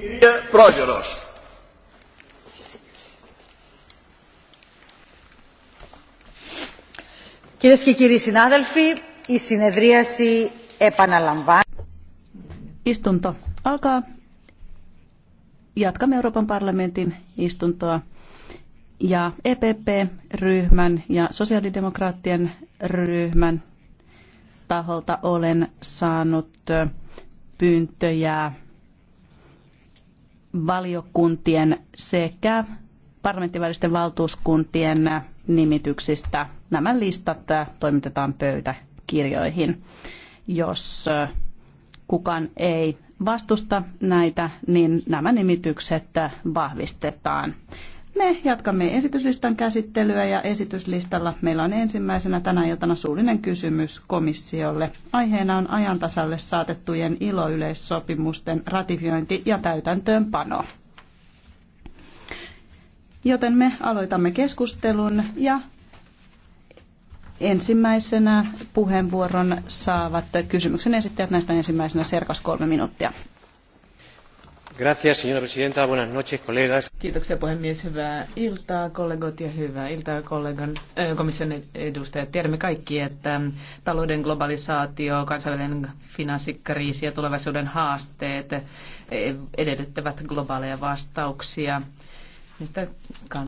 κυρία Πρόεδρος. Κυρίες και κύριοι συνάδελφοι, η συνεδρίαση επαναλαμβάνει. Istunto alkaa. Jatkamme Euroopan parlamentin istuntoa ja EPP-ryhmän ja sosiaalidemokraattien ryhmän taholta olen saanut pyyntöjä valiokuntien sekä parlamenttivälisten valtuuskuntien nimityksistä. Nämä listat toimitetaan pöytäkirjoihin. Jos kukaan ei vastusta näitä, niin nämä nimitykset vahvistetaan. Me jatkamme esityslistan käsittelyä ja esityslistalla meillä on ensimmäisenä tänä iltana suullinen kysymys komissiolle. Aiheena on ajantasalle saatettujen iloyleissopimusten ratifiointi ja täytäntöönpano. Joten me aloitamme keskustelun ja ensimmäisenä puheenvuoron saavat kysymyksen esittäjät näistä ensimmäisenä Serkas kolme minuuttia señora presidenta. Buenas noches, colegas. Kiitoksia puhemies. Hyvää iltaa kollegot ja hyvää iltaa kollegan äh, komission edustajat. Tiedämme kaikki, että talouden globalisaatio, kansainvälinen finanssikriisi ja tulevaisuuden haasteet e, edellyttävät globaaleja vastauksia. Nyt